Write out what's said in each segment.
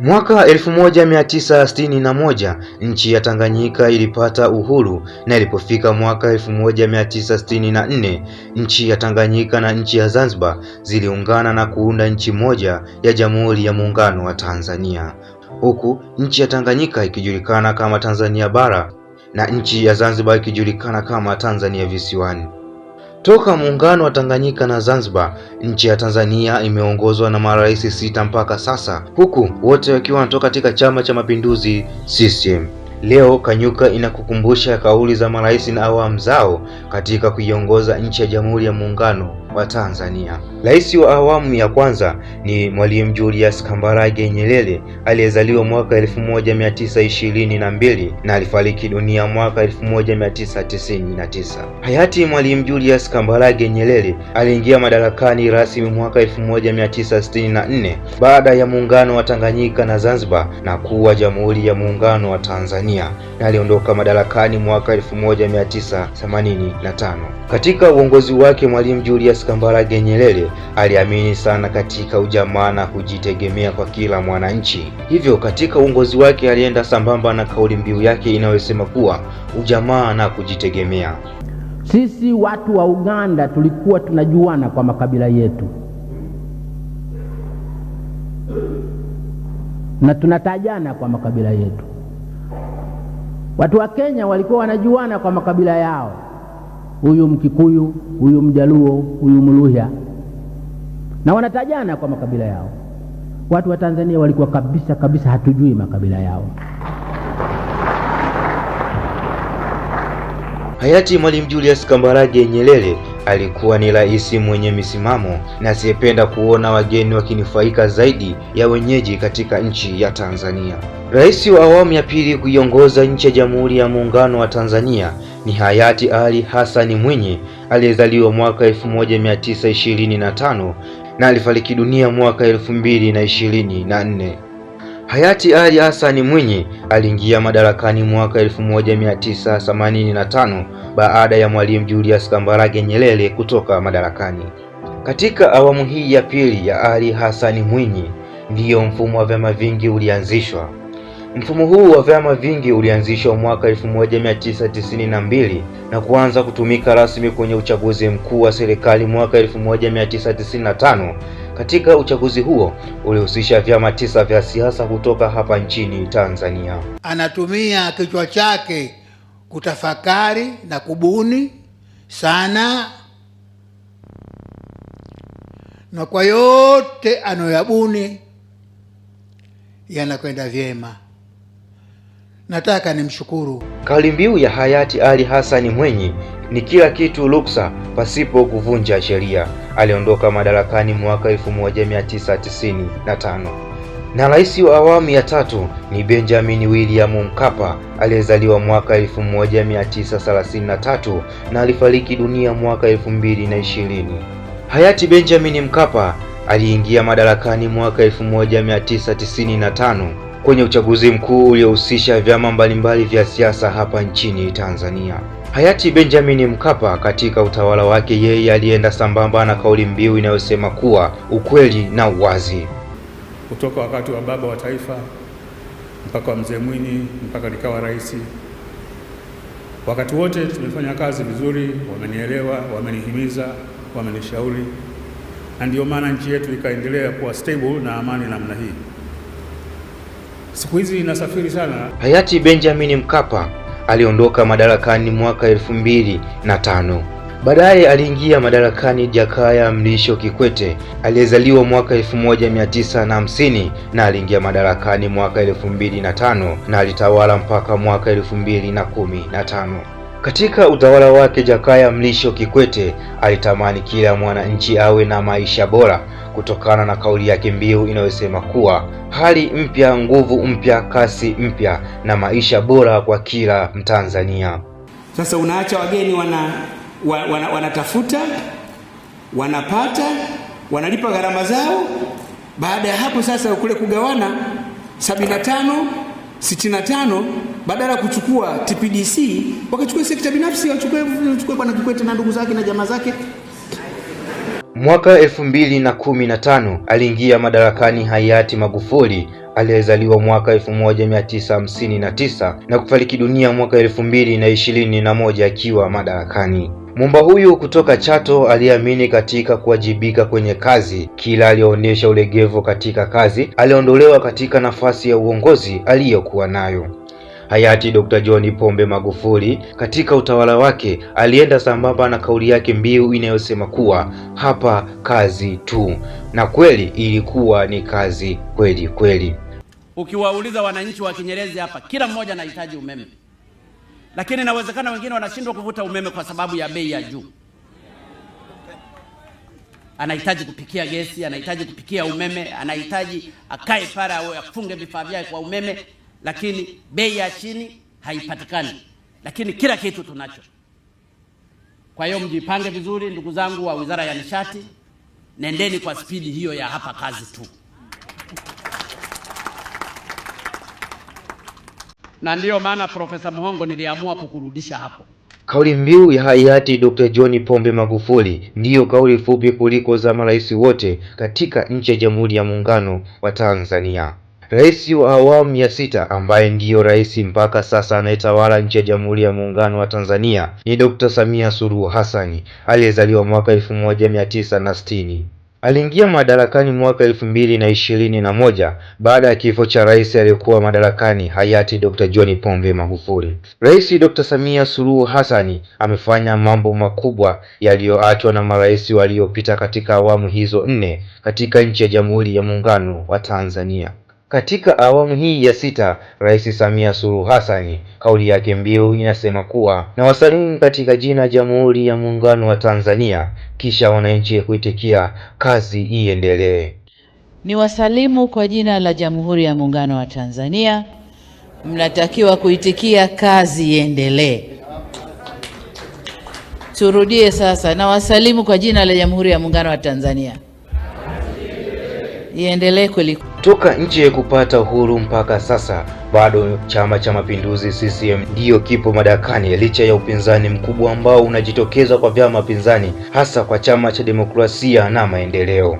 Mwaka elfu moja mia tisa na moja nchi ya Tanganyika ilipata uhuru na ilipofika mwaka elfu moja mia tisa na nne nchi ya Tanganyika na nchi ya Zanzibar ziliungana na kuunda nchi moja ya Jamhuri ya Muungano wa Tanzania huku nchi ya Tanganyika ikijulikana kama Tanzania Bara na nchi ya Zanzibar ikijulikana kama Tanzania Visiwani. Toka muungano wa Tanganyika na Zanzibar, nchi ya Tanzania imeongozwa na marais sita mpaka sasa, huku wote wakiwa wanatoka katika Chama cha Mapinduzi CCM. Leo Kanyuka inakukumbusha kauli za marais na awamu zao katika kuiongoza nchi ya Jamhuri ya Muungano wa Tanzania. Rais wa awamu ya kwanza ni Mwalimu Julius Kambarage Nyerere aliyezaliwa mwaka 1922 na alifariki dunia mwaka 1999. Hayati Mwalimu Julius Kambarage Nyerere aliingia madarakani rasmi mwaka 1964 baada ya muungano wa Tanganyika na Zanzibar na kuwa Jamhuri ya Muungano wa Tanzania na aliondoka madarakani mwaka 1985. Katika uongozi wake Mwalimu Julius Kambarage Nyerere aliamini sana katika ujamaa na kujitegemea kwa kila mwananchi. Hivyo katika uongozi wake alienda sambamba na kauli mbiu yake inayosema kuwa ujamaa na kujitegemea. Sisi watu wa Uganda tulikuwa tunajuana kwa makabila yetu na tunatajana kwa makabila yetu. Watu wa Kenya walikuwa wanajuana kwa makabila yao huyu Mkikuyu, huyu Mjaluo, huyu Mluhya, na wanatajana kwa makabila yao. Watu wa Tanzania walikuwa kabisa kabisa hatujui makabila yao. Hayati Mwalimu Julius Kambarage Nyerere alikuwa ni rais mwenye misimamo na asiyependa kuona wageni wakinufaika zaidi ya wenyeji katika nchi ya Tanzania. Rais wa awamu ya pili kuiongoza nchi ya Jamhuri ya Muungano wa Tanzania ni hayati Ali Hassan Mwinyi aliyezaliwa mwaka 1925 na alifariki dunia mwaka 2024. Hayati Ali Hassan Mwinyi aliingia madarakani mwaka 1985 baada ya Mwalimu Julius Kambarage Nyerere kutoka madarakani. Katika awamu hii ya pili ya Ali Hassan Mwinyi ndiyo mfumo wa vyama vingi ulianzishwa. Mfumo huu wa vyama vingi ulianzishwa mwaka 1992 na kuanza kutumika rasmi kwenye uchaguzi mkuu wa serikali mwaka 1995. Katika uchaguzi huo ulihusisha vyama tisa vya siasa kutoka hapa nchini Tanzania. Anatumia kichwa chake kutafakari na kubuni sana, na kwa yote anayoyabuni yanakwenda vyema. Nataka nimshukuru. Kauli mbiu ya hayati Ali Hassan Mwinyi ni kila kitu ruksa pasipo kuvunja sheria. Aliondoka madarakani mwaka 1995 na rais wa awamu ya tatu ni Benjamin William Mkapa aliyezaliwa mwaka 1933 na alifariki dunia mwaka 2020. Hayati Benjamin Mkapa aliingia madarakani mwaka 1995 kwenye uchaguzi mkuu uliohusisha vyama mbalimbali vya siasa hapa nchini Tanzania. Hayati Benjamin Mkapa katika utawala wake, yeye alienda sambamba na kauli mbiu inayosema kuwa ukweli na uwazi. Kutoka wakati wa baba wa taifa mpaka wa mzee Mwinyi mpaka nikawa rais, wakati wote tumefanya kazi vizuri, wamenielewa, wamenihimiza, wamenishauri, na ndiyo maana nchi yetu ikaendelea kuwa stable na amani namna hii siku hizi inasafiri sana. Hayati Benjamin Mkapa aliondoka madarakani mwaka elfu mbili na tano. Baadaye aliingia madarakani Jakaya Mlisho Kikwete aliyezaliwa mwaka 1950 na aliingia madarakani mwaka 2005 na alitawala mpaka mwaka 2015. Katika utawala wake Jakaya Mlisho Kikwete alitamani kila mwananchi awe na maisha bora kutokana na kauli yake mbiu inayosema kuwa hali mpya, nguvu mpya, kasi mpya na maisha bora kwa kila Mtanzania. Sasa unaacha wageni wana, wana, wanatafuta wanapata wanalipa gharama zao. Baada ya hapo sasa kule kugawana 75 65 badala ya kuchukua TPDC wakachukua sekta binafsi, wachukue kwa Kikwete na ndugu zake na jamaa zake. Mwaka elfu mbili na kumi na tano aliingia madarakani hayati Magufuli aliyezaliwa mwaka 1959 na kufariki dunia mwaka elfu mbili na ishirini na moja akiwa madarakani. Mumba huyu kutoka Chato aliamini katika kuwajibika kwenye kazi. Kila aliyoonyesha ulegevu katika kazi, aliondolewa katika nafasi ya uongozi aliyokuwa nayo. Hayati Dr. John Pombe Magufuli katika utawala wake alienda sambamba na kauli yake mbiu inayosema kuwa hapa kazi tu, na kweli ilikuwa ni kazi kweli kweli. Ukiwauliza wananchi wa Kinyerezi hapa, kila mmoja anahitaji umeme, lakini inawezekana wengine wanashindwa kuvuta umeme kwa sababu ya bei ya juu. Anahitaji kupikia gesi, anahitaji kupikia umeme, anahitaji akae pale afunge vifaa vyake kwa umeme lakini bei ya chini haipatikani, lakini kila kitu tunacho. Kwa hiyo mjipange vizuri, ndugu zangu wa Wizara ya Nishati, nendeni kwa spidi hiyo ya hapa kazi tu, na ndiyo maana Profesa Muhongo niliamua kukurudisha hapo. Kauli mbiu ya hayati Dr. John Pombe Magufuli ndiyo kauli fupi kuliko za marais wote katika nchi ya Jamhuri ya Muungano wa Tanzania. Rais wa awamu ya sita ambaye ndiyo rais mpaka sasa anayetawala nchi ya Jamhuri ya Muungano wa Tanzania ni Dr. Samia Suluhu Hassani aliyezaliwa mwaka elfu moja na Aliingia madarakani mwaka elfu mbili na ishirini na moja baada ya kifo cha rais aliyekuwa madarakani hayati Dr. John Pombe Magufuli. Rais Dr. Samia Suluhu Hassani amefanya mambo makubwa yaliyoachwa na marais waliopita katika awamu hizo nne katika nchi ya Jamhuri ya Muungano wa Tanzania. Katika awamu hii ya sita, Rais Samia Suluhu Hassan kauli yake mbiu inasema kuwa na wasalimu katika jina Jamhuri ya Muungano wa Tanzania, kisha wananchi kuitikia kazi iendelee. Ni wasalimu kwa jina la Jamhuri ya Muungano wa Tanzania, mnatakiwa kuitikia kazi iendelee. Turudie sasa, na wasalimu kwa jina la Jamhuri ya Muungano wa Tanzania, iendelee kweli toka nchi ya kupata uhuru mpaka sasa bado Chama cha Mapinduzi CCM ndiyo kipo madarakani licha ya upinzani mkubwa ambao unajitokeza kwa vyama pinzani, hasa kwa Chama cha Demokrasia na Maendeleo.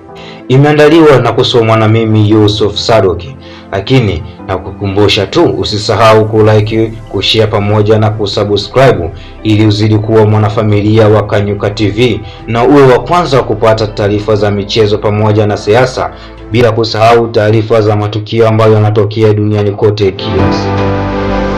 Imeandaliwa na kusomwa na mimi Yusuf Sadoki, lakini na kukumbusha tu usisahau kulike, kushare pamoja na kusubscribe ili uzidi kuwa mwanafamilia wa Kanyuka TV na uwe wa kwanza kupata taarifa za michezo pamoja na siasa bila kusahau taarifa za matukio ambayo yanatokea duniani kote kila siku.